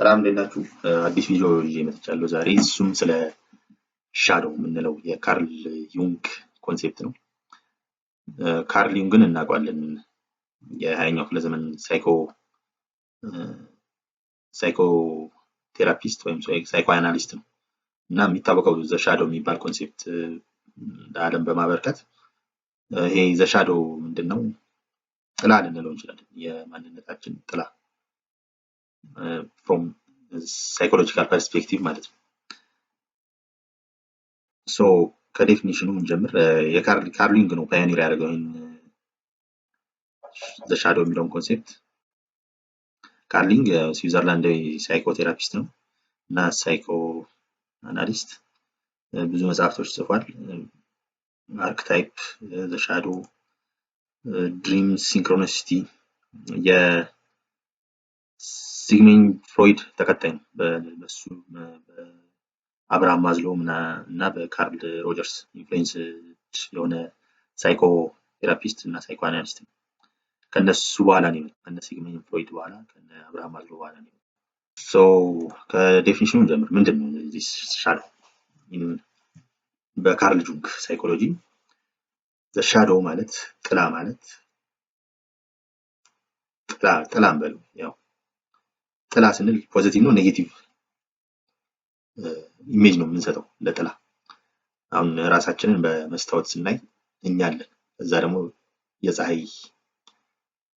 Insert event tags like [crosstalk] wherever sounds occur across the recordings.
ሰላም እንዴት ናችሁ? አዲስ ቪዲዮ ይዤ መጥቻለሁ ዛሬ። እሱም ስለ ሻዶው የምንለው የካርል ዩንግ ኮንሴፕት ነው። ካርል ዩንግን እናውቋለን። የሀያኛው ክፍለ ዘመን ሳይኮ ሳይኮ ቴራፒስት ወይም ሳይኮ አናሊስት ነው እና የሚታወቀው ዘሻዶው የሚባል ኮንሴፕት ለዓለም በማበርከት ይሄ ዘሻዶው ምንድን ነው ጥላ ልንለው እንችላለን። የማንነታችን ጥላ ፍሮም ሳይኮሎጂካል ፐርስፔክቲቭ ማለት ነው። ሶ ከዴፊኒሽኑ እንጀምር። የካርሊንግ ነው ፓዮኒር ያደረገው ይህን ዘሻዶ uh, የሚለውን ኮንሴፕት። ካርሊንግ uh, ስዊዘርላንዳዊ ሳይኮቴራፒስት ነው እና ሳይኮ አናሊስት uh, ብዙ መጽሐፍቶች ጽፏል። አርክታይፕ፣ ዘሻዶ፣ ድሪም ሲንክሮኒሲቲ ሲግመንድ ፍሮይድ ተከታይ ነው። በሱ አብርሃም ማዝሎ እና በካርል ሮጀርስ ኢንፍሉዌንስ የሆነ ሳይኮ ቴራፒስት እና ሳይኮ አናሊስት ነው። ከነሱ በኋላ ነው የመጣው። ከነ ሲግመንድ ፍሮይድ በኋላ ከነ አብርሃም ማዝሎ በኋላ ነው የመጣው። ሶ ከዴፊኒሽኑ ጀምር። ምንድን ነው ዚስ ሻዶ? በካርል ጁንግ ሳይኮሎጂ ሻዶ ማለት ጥላ ማለት ጥላ ጥላም በሉ ያው ጥላ ስንል ፖዘቲቭ ነው ኔጌቲቭ ኢሜጅ ነው የምንሰጠው ለጥላ። አሁን ራሳችንን በመስታወት ስናይ እኛ አለን፣ እዛ ደግሞ የፀሐይ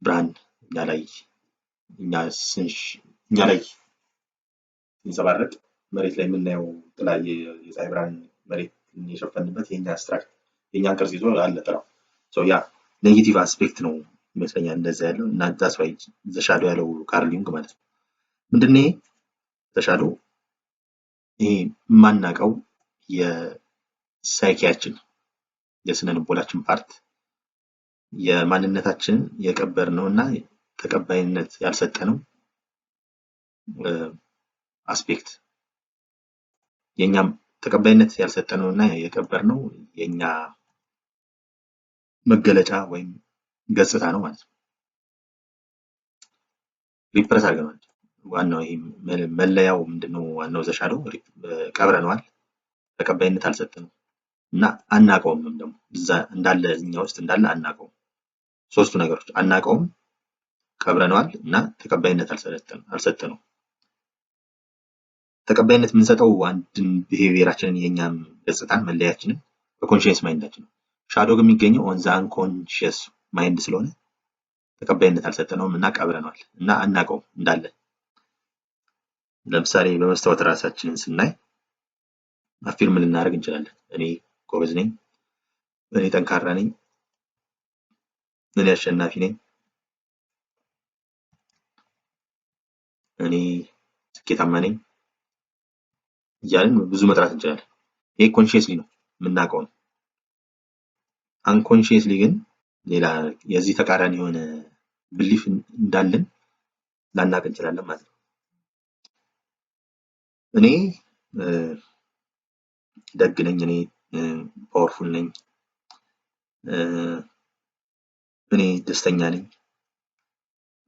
ብርሃን እኛ ላይ እኛ ላይ ሲንጸባረቅ መሬት ላይ የምናየው ጥላ የፀሐይ ብርሃን መሬት የሸፈንበት የኛ ስትራክት የእኛን ቅርጽ ይዞ አለ ጥላው። ያ ኔጌቲቭ አስፔክት ነው ይመስለኛል እንደዛ ያለው እና ዛስ ዘሻዶ ያለው ካርል ማለት ነው። ምንድን ነው ይሄ ተሻሉ ይሄ የሳይኪያችን የስነ ልቦናችን ፓርት የማንነታችንን ነው እና ተቀባይነት ያልሰጠነው አስፔክት የኛም ተቀባይነት ያልሰጠነው እና ነው የኛ መገለጫ ወይም ገጽታ ነው ማለት ነው። ሪፕረስ ዋናው ይሄ መለያው ምንድነው? ዋናው ዘ ሻዶው ቀብረነዋል ተቀባይነት አልሰጠንም እና አናውቀውምም ደግሞ እዛ እንዳለ እኛ ውስጥ እንዳለ አናውቀውም። ሶስቱ ነገሮች አናውቀውም፣ ቀብረነዋል እና ተቀባይነት አልሰጠንም። ተቀባይነት የምንሰጠው አንድን ቢሄቪየራችንን የእኛም ገጽታን መለያችንን በኮንሽየስ ማይንዳችን ነው። ሻዶ የሚገኘው ኦን ዘ አንኮንሽየስ ማይንድ ስለሆነ ተቀባይነት አልሰጠነውም እና ቀብረነዋል እና አናውቀውም እንዳለ ለምሳሌ በመስታወት ራሳችንን ስናይ አፊርም ልናደርግ እንችላለን። እኔ ጎበዝ ነኝ፣ እኔ ጠንካራ ነኝ፣ እኔ አሸናፊ ነኝ፣ እኔ ስኬታማ ነኝ እያልን ብዙ መጥራት እንችላለን። ይሄ ኮንሽየስሊ ነው የምናውቀው ነው። አንኮንሽየስሊ ግን ሌላ የዚህ ተቃራኒ የሆነ ብሊፍ እንዳለን ላናቅ እንችላለን ማለት ነው። እኔ ደግ ነኝ እኔ ፓወርፉል ነኝ እኔ ደስተኛ ነኝ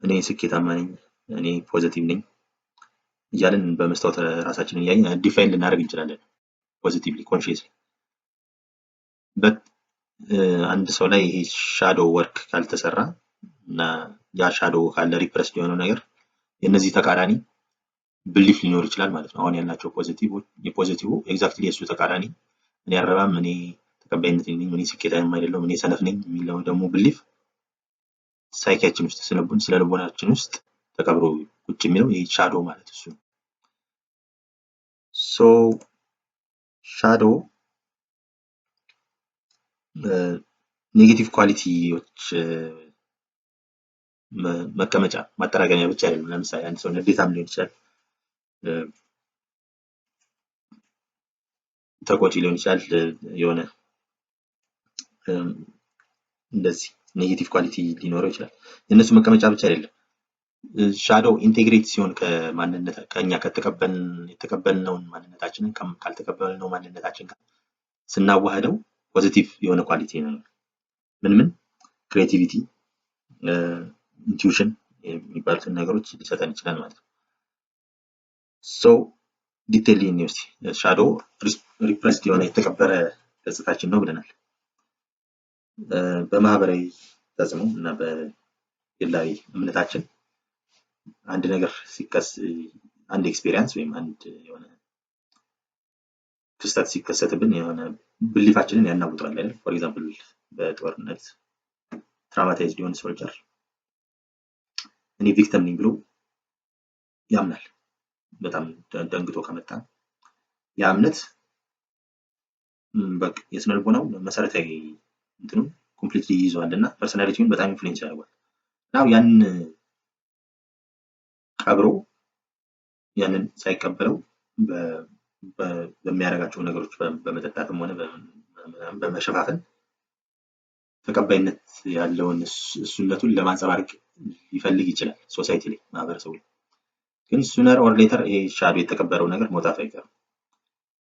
እኔ ስኬታማ ነኝ እኔ ፖዘቲቭ ነኝ እያለን በመስታወት ራሳችንን እያየን ዲፋይን ልናደርግ እንችላለን ፖዘቲቭሊ ኮንሽስ በት አንድ ሰው ላይ ይሄ ሻዶው ወርክ ካልተሰራ እና ያ ሻዶው ካለ ሪፕረስድ የሆነው ነገር የእነዚህ ተቃራኒ ብሊፍ ሊኖር ይችላል ማለት ነው። አሁን ያላቸው ፖዘቲቭ የፖዘቲቩ ኤግዛክትሊ የእሱ ተቃራኒ እኔ አረባም እኔ ተቀባይነት የለኝም፣ እኔ ስኬታማ አይደለሁም፣ እኔ ሰነፍ ነኝ የሚለው ደግሞ ብሊፍ ሳይኪያችን ውስጥ ስለ ልቦናችን ውስጥ ተቀብሮ ቁጭ የሚለው ይህ ሻዶ ማለት እሱ ሶ ሻዶ ኔጌቲቭ ኳሊቲዎች መቀመጫ ማጠራቀሚያ ብቻ አይደለም። ለምሳሌ አንድ ሰው ንዴታም ሊሆን ይችላል ተቆጪ ሊሆን ይችላል የሆነ እንደዚህ ኔጌቲቭ ኳሊቲ ሊኖረው ይችላል። የእነሱ መቀመጫ ብቻ አይደለም ሻዶው ኢንቴግሬት ሲሆን ከማንነት ከኛ የተቀበልነውን ማንነታችንን ካልተቀበልነው ማንነታችን ጋር ስናዋህደው ፖዚቲቭ የሆነ ኳሊቲ ነው። ምን ምን ክሬቲቪቲ ኢንቲዩሽን የሚባሉትን ነገሮች ሊሰጠን ይችላል ማለት ነው። so ዲቴይል ዩኒቨርሲቲ ሻዶ ሪፕረስድ የሆነ የተከበረ ገጽታችን ነው ብለናል። በማህበራዊ ተጽዕኖ እና በግላዊ እምነታችን አንድ ነገር ሲከስ አንድ ኤክስፔሪንስ ወይም አንድ የሆነ ክስተት ሲከሰትብን የሆነ ብሊፋችንን ያናውጠዋል አይደል? ፎር ኤግዛምፕል በጦርነት ትራማታይዝድ የሆነ ሶልጀር እኔ ቪክተም ነኝ ብሎ ያምናል። በጣም ደንግጦ ከመጣ ያ እምነት በቃ የስነ ልቦናው መሰረታዊ እንትኑ ኮምፕሊትሊ ይይዘዋል እና ፐርሶናሊቲውን በጣም ኢንፍሉዌንስ ያደርጓል። ናው ያን ቀብሮ ያንን ሳይቀበለው በሚያደርጋቸው ነገሮች በመጠጣትም ሆነ በመሸፋፈን ተቀባይነት ያለውን እሱነቱን ለማንጸባረቅ ሊፈልግ ይችላል ሶሳይቲ ላይ ማህበረሰቡ ላይ ግን ሱነር ኦር ሌተር ይሄ ሻዶ የተቀበረው ነገር መውጣቱ አይቀርም።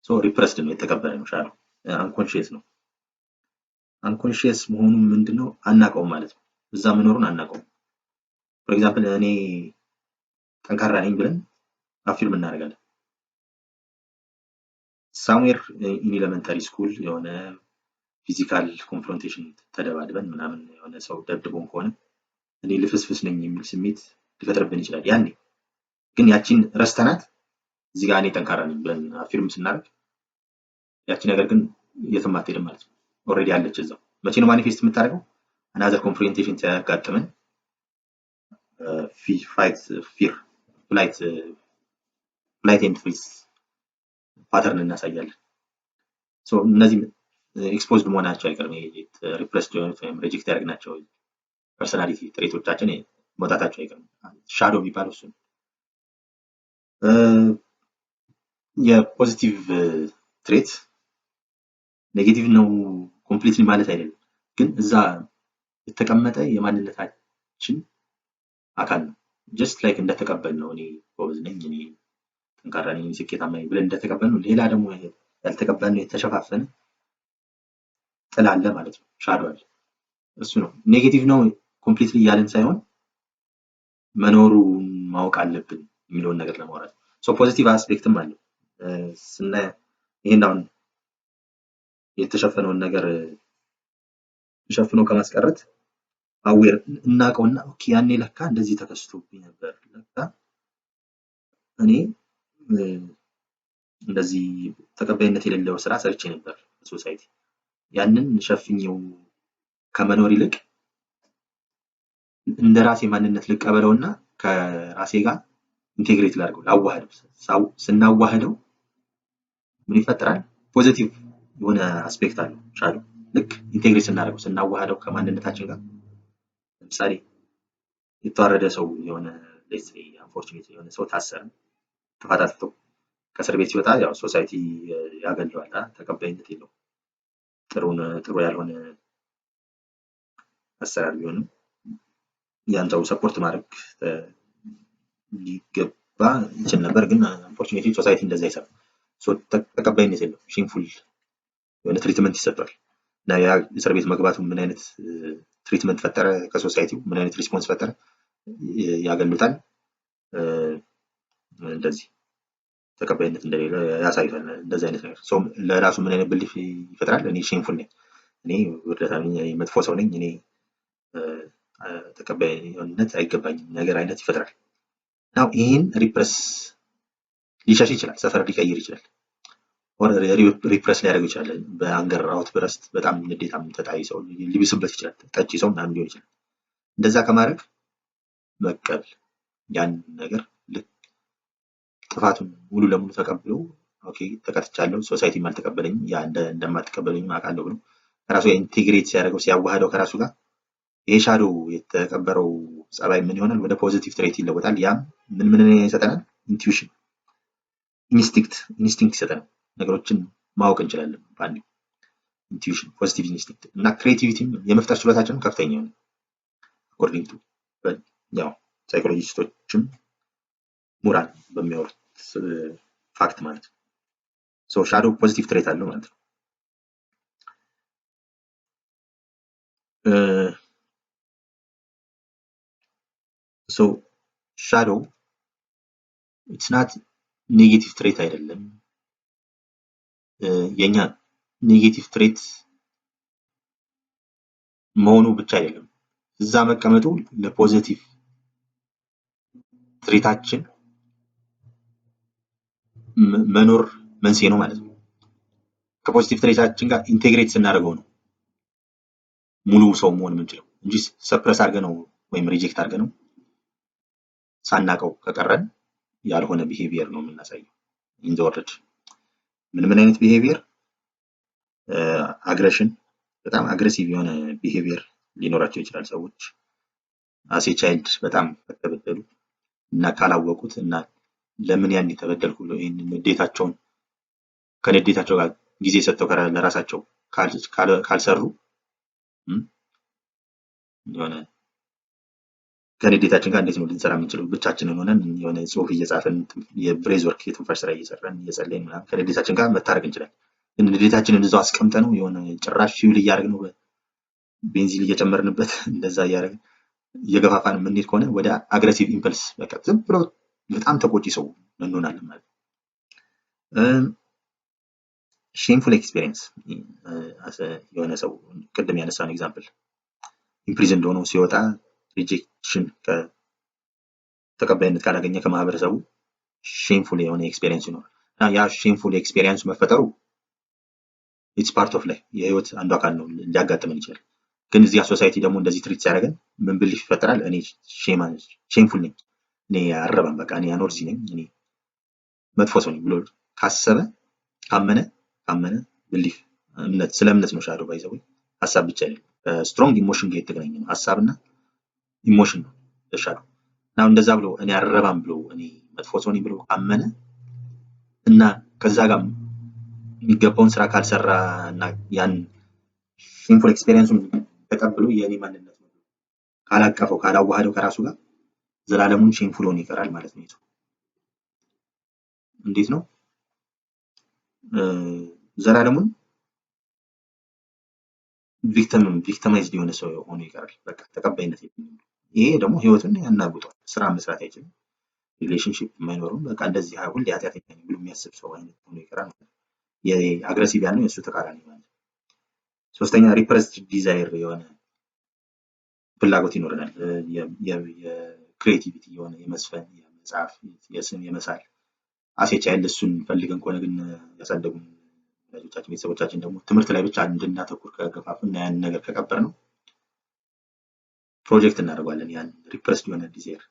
ሶ ሪፕረስድ ነው የተቀበረ ነው ሻዶ አንኮንሽየስ ነው። አንኮንሽየስ መሆኑ ምንድነው አናቀውም ማለት ነው። እዛ መኖሩን አናውቀውም። ፎር ኤግዛምፕል እኔ ጠንካራ ነኝ ብለን አፊርም እናደርጋለን። ሳምዌር ኢን ኤሌመንታሪ ስኩል የሆነ ፊዚካል ኮንፍሮንቴሽን ተደባድበን ምናምን የሆነ ሰው ደብድቦን ከሆነ እኔ ልፍስፍስ ነኝ የሚል ስሜት ሊፈጥርብን ይችላል ያኔ ግን ያቺን ረስተናት እዚህ ጋር እኔ ጠንካራ ነኝ ብለን አፊርም ስናደርግ ያቺ ነገር ግን የትም አትሄድም ማለት ነው። ኦልሬዲ ያለች እዛው። መቼ ነው ማኒፌስት የምታደርገው? አናዘር ኮንፍሮንቴሽን ሲያጋጥምን ፋይት ፊር ፍላይት ፍላይት ኤንድ ፍሪዝ ፓተርን እናሳያለን። እነዚህ ኤክስፖዝድ መሆናቸው አይቀርም። ሪፕሬስድ የሆኑት ወይም ሬጀክት ያደርግናቸው ፐርሶናሊቲ ጥሬቶቻችን መውጣታቸው አይቀርም። ሻዶ የሚባለው እሱ ነው። የፖዚቲቭ ትሬት ኔጌቲቭ ነው ኮምፕሊትሊ ማለት አይደለም። ግን እዛ የተቀመጠ የማንነታችን አካል ነው። ጀስት ላይክ እንደተቀበል ነው እኔ ጎበዝ ነኝ፣ እኔ ጠንካራ ነኝ፣ ስኬታማ ነኝ ብለን እንደተቀበል ነው። ሌላ ደግሞ ያልተቀበል ነው የተሸፋፈነ ጥላ አለ ማለት ነው። ሻዶ አለ። እሱ ነው ኔጌቲቭ ነው ኮምፕሊትሊ እያለን ሳይሆን መኖሩን ማወቅ አለብን። የሚለውን ነገር ለማውራት ፖዚቲቭ አስፔክትም አለው ስና ይህን አሁን የተሸፈነውን ነገር ሸፍኖ ከማስቀረት አዌር እናቀውና ያኔ ለካ እንደዚህ ተከስቶብኝ ነበር ለካ እኔ እንደዚህ ተቀባይነት የሌለው ስራ ሰርቼ ነበር ሶሳይቲ ያንን ሸፍኘው ከመኖር ይልቅ እንደ ራሴ ማንነት እና ከራሴ ጋር ኢንቴግሬት ላድርገው ላዋህደው። ስናዋህደው ምን ይፈጠራል? ፖዚቲቭ የሆነ አስፔክት አለው ሻዶ። ልክ ኢንቴግሬት ስናደርገው ስናዋህደው ከማንነታችን ጋር ለምሳሌ የተዋረደ ሰው የሆነ ሌትስ አንፎርቹኔት የሆነ ሰው ታሰረ፣ ጥፋት አጥፍቶ ከእስር ቤት ሲወጣ ያው ሶሳይቲ ያገለዋል፣ ተቀባይነት የለውም። ጥሩ ያልሆነ አሰራር ቢሆንም ያን ሰው ሰፖርት ማድረግ ሊገባ ይችል ነበር። ግን አንፎርቹኔትሊ ሶሳይቲ እንደዛ አይሰራም። ተቀባይነት የለው፣ ሼምፉል የሆነ ትሪትመንት ይሰጠዋል እና ያ እስር ቤት መግባቱ ምን አይነት ትሪትመንት ፈጠረ ከሶሳይቲው፣ ምን አይነት ሪስፖንስ ፈጠረ፣ ያገሉታል። እንደዚህ ተቀባይነት እንደሌለ ያሳይቷል። እንደዚህ አይነት ነገር ሰውም ለራሱ ምን አይነት ብልፍ ይፈጥራል። እኔ ሼምፉል ነኝ፣ እኔ ውርደታ መጥፎ ሰው ነኝ፣ እኔ ተቀባይነት አይገባኝም ነገር አይነት ይፈጥራል። ነው። ይህን ሪፕረስ ሊሸሽ ይችላል፣ ሰፈር ሊቀይር ይችላል፣ ሪፕረስ ሊያደርግ ይችላል። በአንገር አውት ብረስት በጣም ንዴታም ተጣይ ሰው ሊብስበት ይችላል፣ ጠጪ ሰው ምናምን ሊሆን ይችላል። እንደዛ ከማድረግ መቀበል ያን ነገር ጥፋቱን ሙሉ ለሙሉ ተቀብሎ ኦኬ ተቀጥቻለሁ፣ ሶሳይቲም አልተቀበለኝም፣ እንደማትቀበለኝም አውቃለሁ ብሎ ከራሱ ጋር ኢንቴግሬት ሲያደርገው ሲያዋህደው ከራሱ ጋር ይሄ የተቀበረው ጸባይ ምን ይሆናል? ወደ ፖዚቲቭ ትሬት ይለወጣል። ያም ምን ምን ይሰጠናል? ኢንቲዩሽን፣ ኢንስቲንክት ኢንስቲንክት ይሰጠናል። ነገሮችን ማወቅ እንችላለን። ባንዴ ኢንቲዩሽን፣ ፖዚቲቭ ኢንስቲንክት እና ክሬቲቪቲም የመፍጠር ችሎታችንም ከፍተኛ ነው። አኮርዲንግ ቱ ያው ሳይኮሎጂስቶችም ሙራን በሚያወሩት ፋክት ማለት ነው። ሶ ሻዶ ፖዚቲቭ ትሬት አለው ማለት ነው። So shadow, it's not ኔጌቲቭ ትሬት አይደለም። uh, የኛ ኔጌቲቭ ትሬት መሆኑ ብቻ አይደለም፣ እዛ መቀመጡ ለፖዘቲቭ ትሬታችን መኖር መንስኤ ነው ማለት ነው። ከፖዚቲቭ ትሬታችን ጋር ኢንቴግሬት ስናደርገው ነው ሙሉ ሰው መሆን የምንችለው እንጂ ሰፕረስ አድርገ ነው ወይም ሪጀክት አድርገ ነው ሳናቀው ከቀረን ያልሆነ ቢሄቪየር ነው የምናሳየው። ኢንዘወርድ ምን ምን አይነት ቢሄቪየር? አግሬሽን፣ በጣም አግሬሲቭ የሆነ ቢሄቪየር ሊኖራቸው ይችላል ሰዎች አሴ ቻይልድ በጣም ከተበደሉ እና ካላወቁት እና ለምን ያን የተበደልኩ ብሎ ይህንን ንዴታቸውን ከንዴታቸው ጋር ጊዜ ሰጥተው ለራሳቸው ካልሰሩ የሆነ ከንዴታችን ጋር እንዴት ነው ልንሰራ የምንችለው? ብቻችንን ሆነን የሆነ ጽሁፍ እየጻፍን የብሬዝ ወርክ የትንፋሽ ስራ እየሰራን እየጸለይን ምናምን ከንዴታችን ጋር መታረቅ እንችላለን። ግን ንዴታችንን እዛው አስቀምጠ ነው የሆነ ጭራሽ ፊውል እያደረግን ነው ቤንዚን እየጨመርንበት እንደዛ እያደረግን እየገፋፋን የምንሄድ ከሆነ ወደ አግሬሲቭ ኢምፐልስ በቃ ዝም ብሎ በጣም ተቆጪ ሰው እንሆናለን ማለት ነው። ሼምፉል ኤክስፔሪንስ የሆነ ሰው ቅድም ያነሳነው ኤግዛምፕል ኢምፕሪዝን እንደሆነ ሲወጣ ሪጀክሽን ተቀባይነት ካላገኘ ከማህበረሰቡ ሼምፉል የሆነ ኤክስፔሪንስ ይኖራል እና ያ ሼምፉል ኤክስፔሪየንስ መፈጠሩ ኢትስ ፓርት ኦፍ ላይፍ የህይወት አንዱ አካል ነው፣ ሊያጋጥመን ይችላል። ግን እዚያ ሶሳይቲ ደግሞ እንደዚህ ትሪት ሲያደርገን ምን ብልሽ ይፈጠራል? እኔ ሼምፉል ነኝ፣ እኔ አረባም፣ በቃ እኔ አኖርዚ ነኝ፣ እኔ መጥፎ ሰው ነኝ ብሎ ካሰበ ካመነ ካመነ ብሊፍ እምነት ስለ እምነት ነው ሻዶ ባይዘ ሀሳብ ብቻ ስትሮንግ ኢሞሽን ጋር የተገናኘ ነው ሀሳብና ኢሞሽን ነው ይሻለው እና እንደዛ ብሎ እኔ አረባም ብሎ እኔ መጥፎ ሰው ነኝ ብሎ ካመነ እና ከዛ ጋር የሚገባውን ስራ ካልሰራ እና ያን ሲንፉል ኤክስፔሪንሱን ተቀብሎ የእኔ ማንነት ካላቀፈው ካላዋህደው ከራሱ ጋር ዘላለሙን ሼንፉል ሆኖ ይቀራል ማለት ነው። ሰው እንዴት ነው ዘላለሙን ቪክተም ቪክተማይዝድ የሆነ ሰው ሆኖ ይቀራል። በቃ ተቀባይነት የለውም። ይሄ ደግሞ ህይወትን ያናውጧል። ስራ መስራት አይችልም። ሪሌሽንሽፕ የማይኖርም በቃ እንደዚህ ሁሌ ኃጢአተኛ ነው ብሎ የሚያስብ ሰው አይነት ሆኖ ይቀራል። አግረሲቭ ያለው የእሱ ተቃራኒ ማለት ነው። ሶስተኛ ሪፕረስድ ዲዛይር የሆነ ፍላጎት ይኖረናል። የክሬቲቪቲ የሆነ የመስፈን፣ የመጻፍ፣ የስም የመሳል አሴ ቻይልድ እሱን ፈልገን ከሆነ ግን ያሳደጉን ወላጆቻችን ቤተሰቦቻችን ደግሞ ትምህርት ላይ ብቻ እንድናተኩር ከገፋፉ እና ያንን ነገር ከቀበር ነው ፕሮጀክት እናደርጓለን። ያን ሪፕረስድ የሆነ ዲዛይር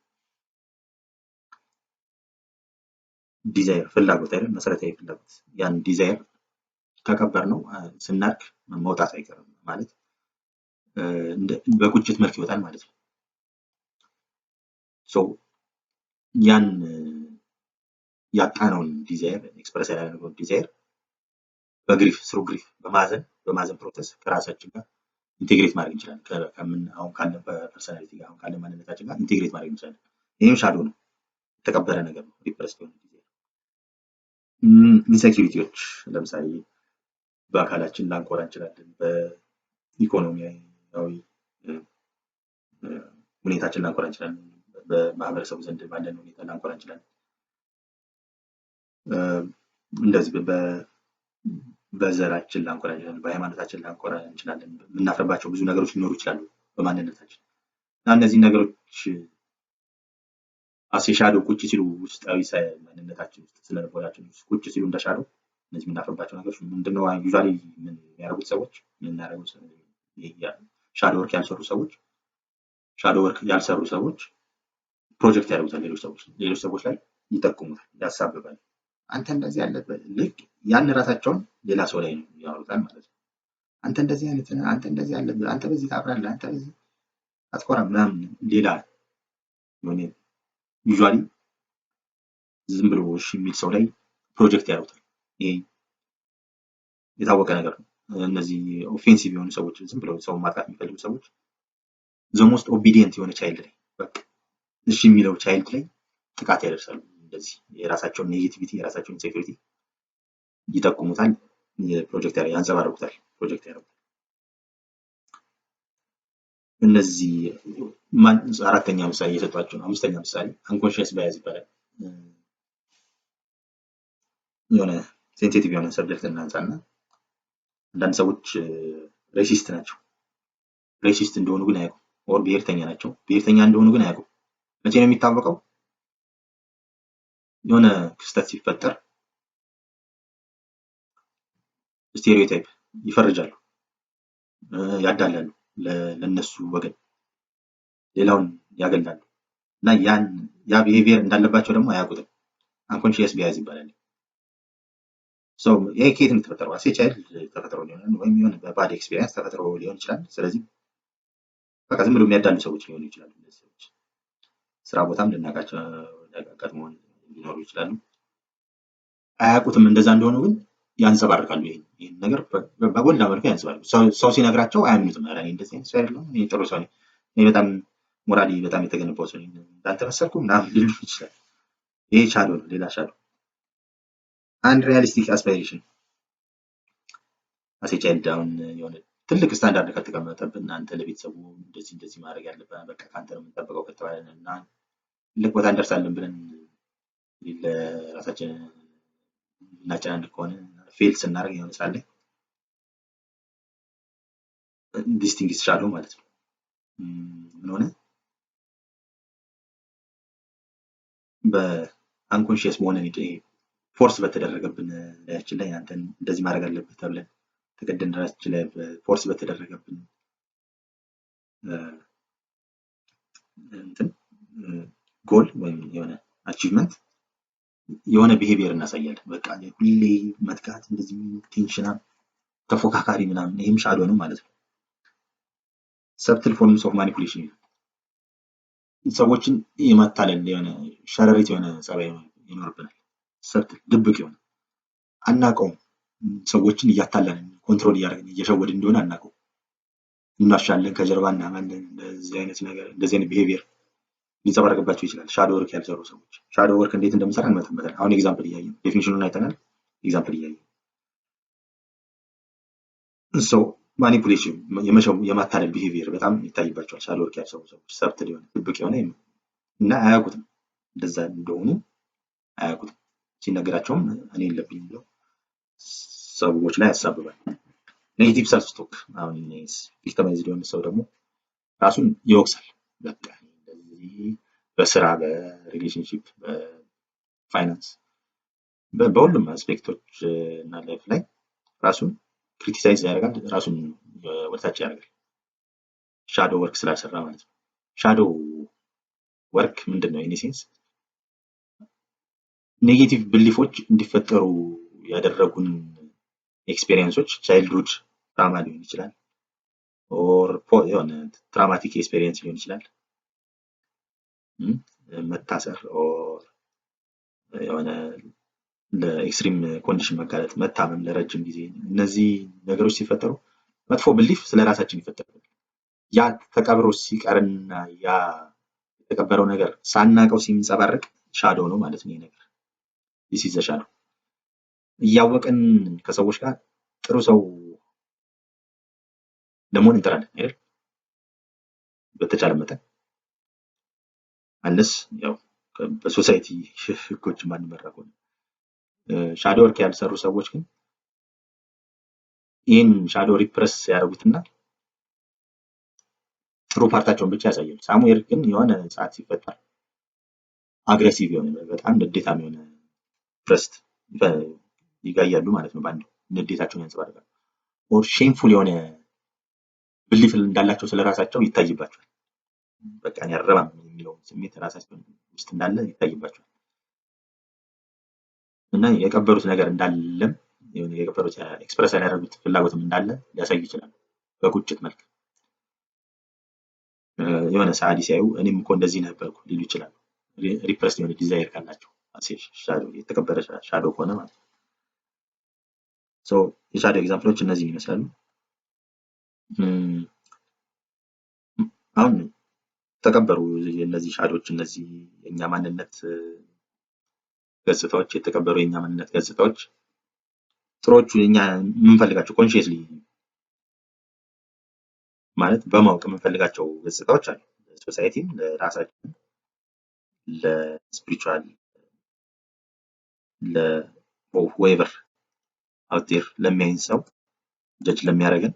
ዲዛይር ፍላጎት አይደል መሰረታዊ ፍላጎት ያን ዲዛይር ተቀበር ነው ስናርክ መውጣት አይቀርም ማለት በቁጭት መልክ ይወጣል ማለት ነው። ሶ ያን ያጣነውን ዲዛይር ኤክስፕረስ ያደረገውን ዲዛይር በግሪፍ ስሩ ግሪፍ በማዘን በማዘን ፕሮሰስ ከራሳችን ጋር ኢንቴግሬት ማድረግ እንችላለን። ከምን አሁን ካለ ፐርሰናሊቲ ጋር አሁን ካለ ማንነታችን ጋር ኢንቴግሬት ማድረግ እንችላለን። ይህም ሻዶ ነው፣ የተቀበረ ነገር ነው። ሪፕረስ ሆነ ጊዜ ኢንሴኪሪቲዎች ለምሳሌ በአካላችን ላንቆራ እንችላለን፣ በኢኮኖሚያዊ ሁኔታችን ላንኮራ እንችላለን፣ በማህበረሰቡ ዘንድ ባለን ሁኔታ ላንኮራ እንችላለን። እንደዚህ በዘራችን ላንኮራ እንችላለን፣ በሃይማኖታችን ላንኮራ እንችላለን። የምናፍርባቸው ብዙ ነገሮች ሊኖሩ ይችላሉ በማንነታችን እና እነዚህ ነገሮች አሴሻዶ ቁጭ ሲሉ ውስጣዊ ማንነታችን ውስጥ ስለነበራችን ቁጭ ሲሉ እንደሻዶ እነዚህ የምናፍርባቸው ነገሮች ምንድነው? ዩዛሊ የሚያደርጉት ሰዎች የምናደርጉ ሻዶ ወርክ ያልሰሩ ሰዎች ሻዶ ወርክ ያልሰሩ ሰዎች ፕሮጀክት ያደርጉታል። ሌሎች ሰዎች ሌሎች ሰዎች ላይ ይጠቁሙታል፣ ያሳብባል። አንተ እንደዚህ ያለበት ልክ ያን ራሳቸውን ሌላ ሰው ላይ ነው ያወሩታል ማለት ነው። አንተ እንደዚህ አይነት አንተ እንደዚህ ያለበት አንተ በዚህ ታብራለህ፣ አንተ በዚህ አትኮራም ምናምን ሌላ የሆነ ዩዥዋሊ ዝም ብሎ እሺ የሚል ሰው ላይ ፕሮጀክት ያሉታል። ይሄ የታወቀ ነገር ነው። እነዚህ ኦፌንሲቭ የሆኑ ሰዎች ዝም ብለው ሰው ማጥቃት የሚፈልጉ ሰዎች ዘሞስት ኦቢዲየንት የሆነ ቻይልድ ላይ በቃ እሺ የሚለው ቻይልድ ላይ ጥቃት ያደርሳሉ። እንደዚህ የራሳቸውን ኔጌቲቪቲ የራሳቸውን ሴኩሪቲ ይጠቁሙታል፣ ፕሮጀክት ያንጸባርቁታል፣ ፕሮጀክት ያደርጉታል። እነዚህ አራተኛ ምሳሌ እየሰጧቸው ነው። አምስተኛ ምሳሌ አንኮንሽንስ ባያዝ ይባላል። የሆነ ሴንሲቲቭ የሆነ ሰብጀክት እናንሳና አንዳንድ ሰዎች ሬሲስት ናቸው። ሬሲስት እንደሆኑ ግን አያውቁም። ኦር ብሄርተኛ ናቸው። ብሄርተኛ እንደሆኑ ግን አያውቁም። መቼ ነው የሚታወቀው? የሆነ ክስተት ሲፈጠር ስቴሪዮታይፕ ይፈርጃሉ፣ ያዳላሉ፣ ለነሱ ወገን ሌላውን ያገላሉ እና ያን ያ ቢሄቪየር እንዳለባቸው ደግሞ አያውቁትም። አንኮንሽስ ቢያዝ ይባላል። ሰው ይሄ ከየት ነው የተፈጠረው? አሴ ቻይልድ ተፈጥሮ ሊሆን ወይም የሆነ በባድ ኤክስፔሪንስ ተፈጥሮ ሊሆን ይችላል። ስለዚህ በቃ ዝም ብሎ የሚያዳሉ ሰዎች ሊሆኑ ይችላሉ። ሰዎች ስራ ቦታም ልናቃቸው ሊያጋጥመሆን ሊኖሩ ይችላሉ። አያውቁትም እንደዛ እንደሆኑ ግን ያንጸባርቃሉ። ይህን ነገር በጎላ መልኩ ያንጸባርቃሉ። ሰው ሲነግራቸው አያምኑትም። ኧረ እኔ እንደዚህ አይነት ሰው አይደለሁም፣ እኔ ጥሩ ሰው ነኝ፣ እኔ በጣም ሞራሊ በጣም የተገነባው ሰው ነኝ፣ እንዳንተ መሰልኩ ምናምን ሊሉ ይችላል። ይሄ ሻዶ ነው፣ ሌላ ሻዶ። አንድ ሪያሊስቲክ አስፓይሬሽን አሴ ቻይልድ ዳውን የሆነ ትልቅ ስታንዳርድ ከተቀመጠብን እናንተ ለቤተሰቡ እንደዚህ እንደዚህ ማድረግ ያለብህ በቃ ከአንተ ነው የምንጠብቀው ከተባለ እና ትልቅ ቦታ እንደርሳለን ብለን ለራሳችንን አንድ ከሆነ ፌል ስናደርግ የሆነ ሰዓት ላይ ዲስቲንግዊሽ አለው ማለት ነው። ምን ሆነ በአንኮንሺየስ በሆነ ፎርስ በተደረገብን ላያችን ላይ አንተን እንደዚህ ማድረግ አለበት ተብለን ተገደን ራሳችን ላይ ፎርስ በተደረገብን እንትን ጎል ወይም የሆነ አቺቭመንት የሆነ ቢሄቪየር እናሳያለን። በቃ ሁሌ መጥቃት፣ እንደዚህ ቴንሽና ተፎካካሪ ምናምን፣ ይህም ሻዶ ነው ማለት ነው። ሰብትል ፎርምስ ኦፍ ማኒፑሌሽን ሰዎችን የማታለል የሆነ ሸረሪት የሆነ ጸባይ ይኖርብናል። ሰብትል ድብቅ የሆነ አናውቀውም። ሰዎችን እያታላልን ኮንትሮል እያደረግን እየሸወድን እንደሆነ አናቀው። እናሻለን፣ ከጀርባ እናማለን። እንደዚህ አይነት ነገር እንደዚህ አይነት ብሄቪየር ሊንጸባረቅባቸው ይችላል። ሻዶ ወርክ ያልሰሩ ሰዎች ሻዶ ወርክ እንዴት እንደምሰራ እንመተንበታል። አሁን ኤግዛምፕል እያየ ዴፊኒሽኑን አይተናል። ኤግዛምፕል እያየ ሰው ማኒፑሌሽን የማታለል ቢሄቪየር በጣም ይታይባቸዋል። ሻዶ ወርክ ያልሰሩ ሰዎች ሰብት ሊሆነ ጥብቅ የሆነ እና አያውቁትም፣ እንደዛ እንደሆኑ አያውቁትም። ሲነገራቸውም እኔ የለብኝ ብለው ሰዎች ላይ ያሳብባል። ኔጌቲቭ ሰልፍ ቶክ አሁን ቪክቲማይዝድ የሆነ ሰው ደግሞ ራሱን ይወቅሳል በቃ ስለዚህ በስራ፣ በሪሌሽንሺፕ፣ በፋይናንስ በሁሉም አስፔክቶች እና ላይፍ ላይ ራሱን ክሪቲሳይዝ ያደርጋል። ራሱን ወደታች ያደርጋል። ሻዶ ወርክ ስላልሰራ ማለት ነው። ሻዶ ወርክ ምንድን ነው? ኢኒሴንስ ኔጌቲቭ ብሊፎች እንዲፈጠሩ ያደረጉን ኤክስፔሪየንሶች ቻይልድሁድ ትራማ ሊሆን ይችላል ኦር የሆነ ትራማቲክ ኤክስፔሪየንስ ሊሆን ይችላል መታሰር ኦር የሆነ ለኤክስትሪም ኮንዲሽን መጋለጥ መታመም ለረጅም ጊዜ እነዚህ ነገሮች ሲፈጠሩ መጥፎ ብሊፍ ስለራሳችን ይፈጠራል። ያ ተቀብሮ ሲቀርና ያ የተቀበረው ነገር ሳናቀው ሲንጸባረቅ ሻዶ ነው ማለት ነው። ነገር ዲስ ሻዶ። እያወቅን ከሰዎች ጋር ጥሩ ሰው ለመሆን እንጥራለን አይደል? በተቻለ መጠን አንለስ ያው በሶሳይቲ ህጎች [laughs] ማንመራ ነው። ሻዶ ወርክ ያልሰሩ ሰዎች ግን ይህን ሻዶ ሪፕረስ ያደርጉትና ጥሩ ፓርታቸውን ብቻ ያሳያሉ። ሳሙኤል ግን የሆነ ሰዓት ሲፈጠር አግሬሲቭ የሆነ በጣም ንዴታም የሆነ ፕረስት ይጋያሉ ማለት ነው። በአንድ ንዴታቸውን ያንጸባርቃሉ። ኦር ሼምፉል የሆነ ብሊፍ እንዳላቸው ስለራሳቸው ይታይባቸዋል። በቃ ያረባም አልረባም የሚለው ስሜት ራሳቸው ውስጥ እንዳለ ይታይባቸዋል። እና የቀበሩት ነገር እንዳለም የቀበሩት ኤክስፕረስ ያደረጉት ፍላጎትም እንዳለ ሊያሳይ ይችላል በቁጭት መልክ። የሆነ ሰዓዲ ሲያዩ እኔም እኮ እንደዚህ ነበርኩ ሊሉ ይችላሉ። ሪፕረስ የሆነ ዲዛይር ካላቸው የተቀበረ ሻዶ ከሆነ ማለት ነው። ሶ የሻዶ ኤግዛምፕሎች እነዚህ ይመስላሉ። አሁን ተቀበሩ እነዚህ ሻዶች እነዚህ የእኛ ማንነት ገጽታዎች የተቀበሩ የእኛ ማንነት ገጽታዎች ጥሮቹ የኛ የምንፈልጋቸው ኮንሽስሊ ማለት በማወቅ የምንፈልጋቸው ገጽታዎች አሉ። ለሶሳይቲም፣ ለራሳችን፣ ለስፒሪቹዋል ለዌቨር አውቴር ለሚያይን ሰው ጀጅ ለሚያደርገን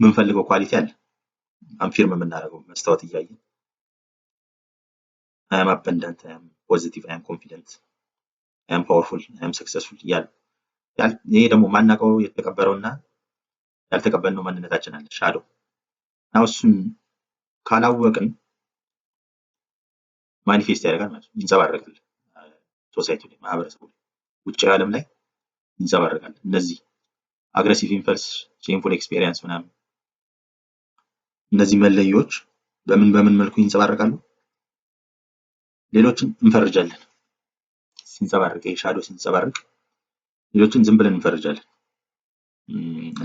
የምንፈልገው ኳሊቲ አለ። አንፊርም የምናደርገው መስታወት እያየን አይ አም አበንዳንት አይ አም ፖዚቲቭ አይ አም ኮንፊደንት አይ አም ፓወርፉል አይ አም ሰክሰስፉል እያለ ይሄ ደግሞ ማናውቀው የተቀበረውና ያልተቀበልነው ማንነታችን አለ ሻዶ እና እሱን ካላወቅን ማኒፌስት ያደርጋል ማለት ነው ይንጸባረቃል ሶሳይቲ ላይ ማህበረሰቡ ላይ ውጭ ዓለም ላይ ይንጸባረቃል እነዚህ አግሬሲቭ ኢንፈልስ ሼምፉል ኤክስፔሪንስ ምናምን እነዚህ መለያዎች በምን በምን መልኩ ይንጸባረቃሉ? ሌሎችን እንፈርጃለን። ሲንጸባረቅ የሻዶ ሲንጸባረቅ ሌሎችን ዝም ብለን እንፈርጃለን።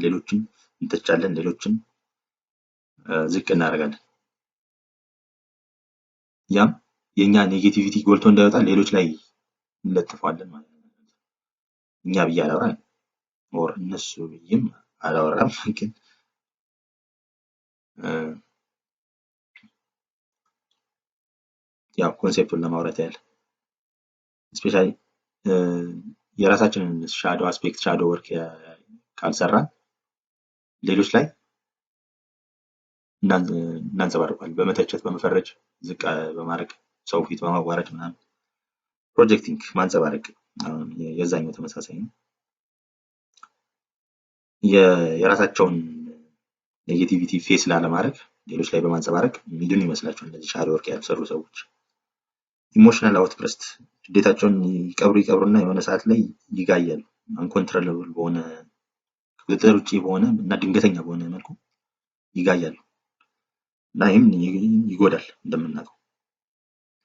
ሌሎችን እንተቻለን፣ ሌሎችን ዝቅ እናደርጋለን። ያም የእኛ ኔጌቲቪቲ ጎልቶ እንዳይወጣ ሌሎች ላይ እንለጥፈዋለን ማለት ነው። እኛ ብዬ አላወራም፣ እነሱ ብዬም አላወራም ግን ያው ኮንሴፕቱን ለማውራት ያህል ስፔሻሊ የራሳችንን ሻዶ አስፔክት ሻዶ ወርክ ካልሰራን ሌሎች ላይ እናንጸባርቋል። በመተቸት፣ በመፈረጅ፣ ዝቅ በማድረግ፣ ሰው ፊት በማዋረድ ምናም ፕሮጀክቲንግ ማንጸባረቅ የዛኛው ተመሳሳይ ነው። የራሳቸውን ኔጌቲቪቲ ፌስ ላለማድረግ ሌሎች ላይ በማንጸባረቅ ሚድን ይመስላቸዋል። እነዚህ ሻሪ ወርቅ ያልሰሩ ሰዎች ኢሞሽናል አውትብረስት ግዴታቸውን ይቀብሩ ይቀብሩና የሆነ ሰዓት ላይ ይጋያሉ። አንኮንትሮለብል በሆነ ቁጥጥር ውጭ በሆነ እና ድንገተኛ በሆነ መልኩ ይጋያሉ እና ይህም ይጎዳል። እንደምናውቀው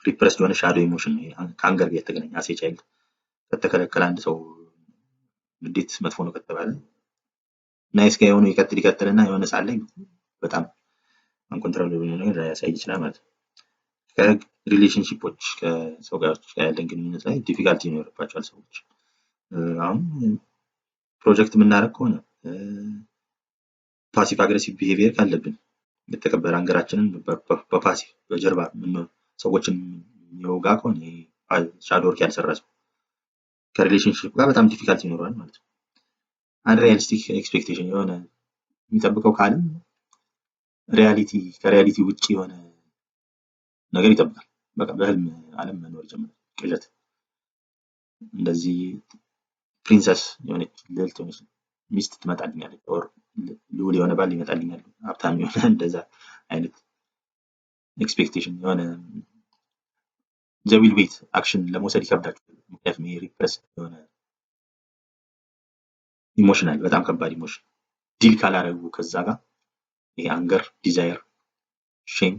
ሪፕረስድ የሆነ ሻዶ ኢሞሽን ነው። ከአንገር ጋር የተገናኘ አሴ ቻይልድ ከተከለከለ አንድ ሰው እንዴት መጥፎ ነው ከተባለ ናይስ ጋ የሆኑ ይቀጥል ይቀጥል እና የሆነ ሳለ በጣም አንኮንትራል የሆነ ነገር ያሳይ ይችላል ማለት ነው። ሪሌሽንሺፖች ከሰው ጋር ያለን ግንኙነት ላይ ዲፊካልቲ ይኖርባቸዋል ሰዎች። አሁን ፕሮጀክት የምናደርግ ከሆነ ፓሲቭ አግሬሲቭ ቢሄቪየር ካለብን የተቀበረ አንገራችንን በፓሲቭ በጀርባ ሰዎችን የወጋ ከሆነ ሻዶ ወርክ ያልሰራ ሰው ከሪሌሽንሽፕ ጋር በጣም ዲፊካልቲ ይኖረዋል ማለት ነው። አንሪያሊስቲክ ኤክስፔክቴሽን የሆነ የሚጠብቀው ከዓለም ሪያሊቲ ከሪያሊቲ ውጭ የሆነ ነገር ይጠብቃል። በቃ በህልም አለም መኖር ይጀምራል። ቅዠት እንደዚህ ፕሪንሰስ የሆነች ልዕልት የሆነች ሚስት ትመጣልኛለች፣ ኦር ልውል የሆነ ባል ይመጣልኛል፣ ሀብታም የሆነ [laughs] እንደዛ አይነት ኤክስፔክቴሽን የሆነ ዘዊል ቤት አክሽን ለመውሰድ ይከብዳቸዋል። ምክንያቱም ይሄ ሪፕረስ የሆነ ኢሞሽናል በጣም ከባድ ኢሞሽን ዲል ካላረጉ ከዛ ጋር ይሄ አንገር፣ ዲዛይር ሼም፣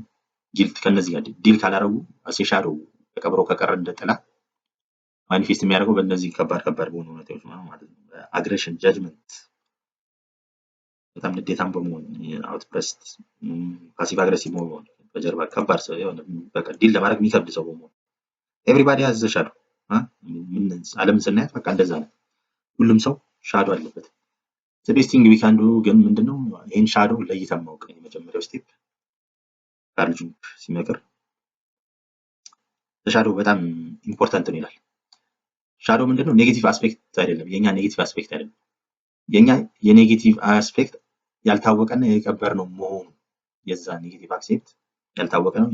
ጊልት ከነዚህ ጋር ዲል ካላረጉ አሴሻዶ ተቀብሮ ከቀረ እንደ ጥላ ማኒፌስት የሚያደርገው በእነዚህ ከባድ ከባድ በሆኑ ሁኔታዎች ማለት ነው። አግሬሽን፣ ጃጅመንት በጣም ንዴታም በመሆን አውትብረስት፣ ፓሲቭ አግሬሲቭ መሆን በጀርባ ከባድ ሰው የሆነ በቃ ዲል ለማድረግ የሚከብድ ሰው በመሆን ኤቭሪባዲ ያዘሻሉ። ዓለምን ስናያት በቃ እንደዛ ነው ሁሉም ሰው ሻዶ አለበት። ዘ ቤስት ቲንግ ዊ ካን ዱ ግን ምንድነው ይህን ሻዶ ለይተን ማወቅ ነው የመጀመሪያው ስቴፕ። ካርል ጁንግ ሲመክር ሻዶ በጣም ኢምፖርታንት ነው ይላል። ሻዶ ምንድነው? ኔጌቲቭ አስፔክት አይደለም። የኛ ኔጌቲቭ አስፔክት አይደለም። የኛ የኔጌቲቭ አስፔክት ያልታወቀና የቀበር ነው መሆኑ የዛ ኔጌቲቭ አክሴፕት ያልታወቀ ነው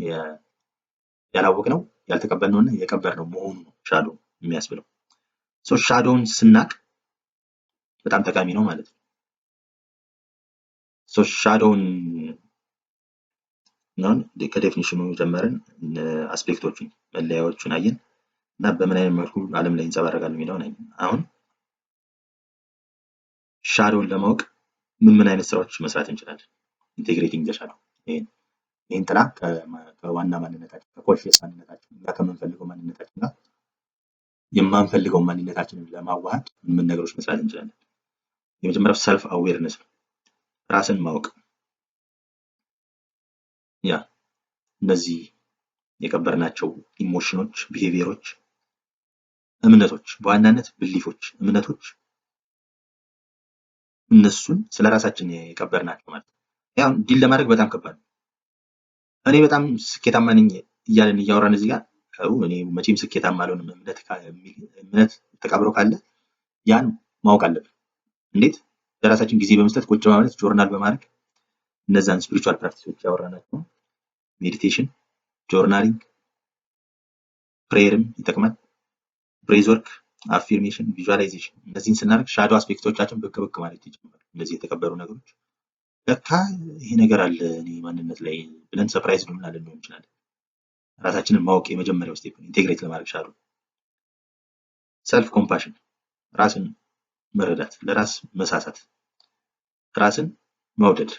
ያላወቅ ነው ያልተቀበልነውና የቀበር ነው መሆኑ ነው ሻዶ የሚያስብለው። ሻዶውን ስናቅ በጣም ጠቃሚ ነው ማለት ነው። ሻዶውን ነውን ከዴፊኒሽኑ ጀመርን አስፔክቶቹን መለያዎቹን አየን እና በምን አይነት መልኩ ዓለም ላይ ይንጸባረቃል የሚለውን አየን። አሁን ሻዶውን ለማወቅ ምን ምን አይነት ስራዎች መስራት እንችላለን? ኢንቴግሬቲንግ ሻዶ ይህን ጥላ ከዋና ማንነታችን ከኮንሽስ ማንነታችን እና ከምንፈልገው ማንነታችን ጋር የማንፈልገው ማንነታችንን ለማዋሃድ ምን ነገሮች መስራት እንችላለን? የመጀመሪያው ሰልፍ አዌርነስ ነው፣ ራስን ማወቅ። ያ እነዚህ የቀበርናቸው ኢሞሽኖች፣ ቢሄቪየሮች፣ እምነቶች በዋናነት ብሊፎች፣ እምነቶች እነሱን ስለ ራሳችን የቀበርናቸው ማለት ነው። ያው ዲል ለማድረግ በጣም ከባድ ነው። እኔ በጣም ስኬታማ ነኝ እያለን እያወራን እዚህ ጋር እኔ መቼም ስኬታማ አልሆንም እምነት ተቃብሮ ካለ ያን ማወቅ አለብን። እንዴት ለራሳችን ጊዜ በመስጠት ቁጭ በማለት ጆርናል በማድረግ እነዛን ስፒሪቹዋል ፕራክቲሶች ያወራናቸው ሜዲቴሽን፣ ጆርናሊንግ፣ ፕሬየርም ይጠቅማል። ብሬዝ አፊርሜሽን፣ ቪዥዋላይዜሽን እነዚህን ስናደርግ ሻዶ አስፔክቶቻችን ብቅ ብቅ ማለት ይጀምራል። እነዚህ የተቀበሩ ነገሮች ለካ ይሄ ነገር አለ እኔ ማንነት ላይ ብለን ሰፕራይዝ ልሆናለን ሊሆን ይችላል። ራሳችንን ማወቅ የመጀመሪያው ስቴፕ ኢንቴግሬት ለማድረግ ሻሉ። ሰልፍ ኮምፓሽን ራስን መረዳት፣ ለራስ መሳሳት፣ ራስን መውደድ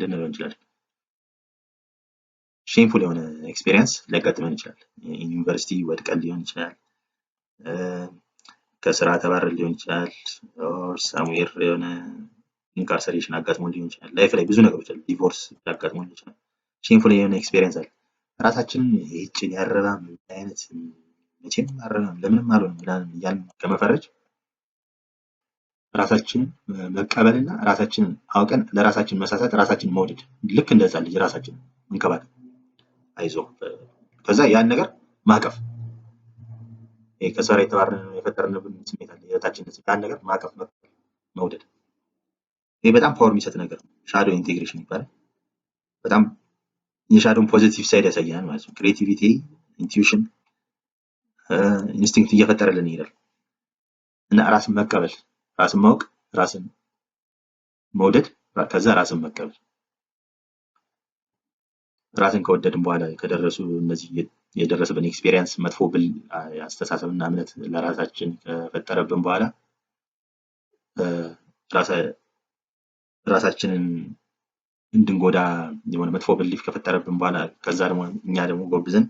ልንለው እንችላለን። ሼምፉል የሆነ ኤክስፔሪንስ ሊያጋጥመን ይችላል። ዩኒቨርሲቲ ወድቀን ሊሆን ይችላል። ከስራ ተባረን ሊሆን ይችላል። ኦር ሳምዌር የሆነ ኢንካርሰሬሽን አጋጥሞ ሊሆን ይችላል። ላይፍ ላይ ብዙ ነገሮች አሉ። ዲቮርስ ሊያጋጥሞ ሊሆን ይችላል። ሼምፉል የሆነ ኤክስፔሪንስ አለ። ራሳችንን ይህችን ያረባ ምን አይነት መቼም አረባም ለምንም አልሆንም ምናምን እያልን ከመፈረጅ ራሳችንን መቀበልና ራሳችንን አውቀን ለራሳችን መሳሳት ራሳችን መውደድ ልክ እንደዛ ልጅ ራሳችን እንከባከብ፣ አይዞ ከዛ ያን ነገር ማቀፍ ከሰራ የተባረን የፈጠርንብን ስሜት አለ ያን ነገር ማቀፍ መውደድ። ይህ በጣም ፓወር የሚሰጥ ነገር ነው። ሻዶ ኢንቴግሬሽን ይባላል። በጣም የሻዶን ፖዚቲቭ ሳይድ ያሳየናል ማለት ነው። ክሬቲቪቲ፣ ኢንቲዩሽን፣ ኢንስቲንክት እየፈጠረልን ይሄዳል እና ራስን መቀበል ራስን ማወቅ ራስን መውደድ ከዛ ራስን መቀበል ራስን ከወደድን በኋላ ከደረሱ እነዚህ የደረሰብን ኤክስፔሪንስ መጥፎ ብል አስተሳሰብና እምነት ለራሳችን ከፈጠረብን በኋላ ራሳችንን እንድንጎዳ የሆነ መጥፎ ብሊፍ ከፈጠረብን በኋላ ከዛ ደግሞ እኛ ደግሞ ጎብዘን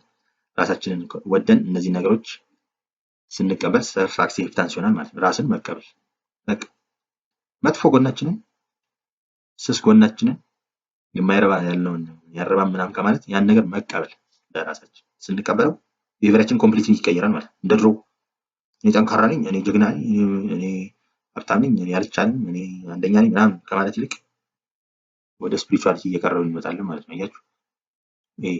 ራሳችንን ወደን እነዚህ ነገሮች ስንቀበል ሰልፍ አክሴፕታንስ ይሆናል ማለት ነው። ራስን መቀበል መጥፎ ጎናችንን ስስ ጎናችንን የማይረባ ያልነውን ያረባ ምናምን ከማለት ያን ነገር መቀበል ለራሳችን ስንቀበለው ቢሄቪራችን ኮምፕሊት ይቀየራል ማለት እንደ ድሮ እኔ ጠንካራ ነኝ፣ እኔ ጀግና እኔ ሀብታም ነኝ፣ እኔ አልቻልም፣ እኔ አንደኛ ነኝ ምናምን ከማለት ይልቅ ወደ ስፒሪቹዋሊቲ እየቀረብን እንመጣለን ማለት ነው። አያችሁ ይሄ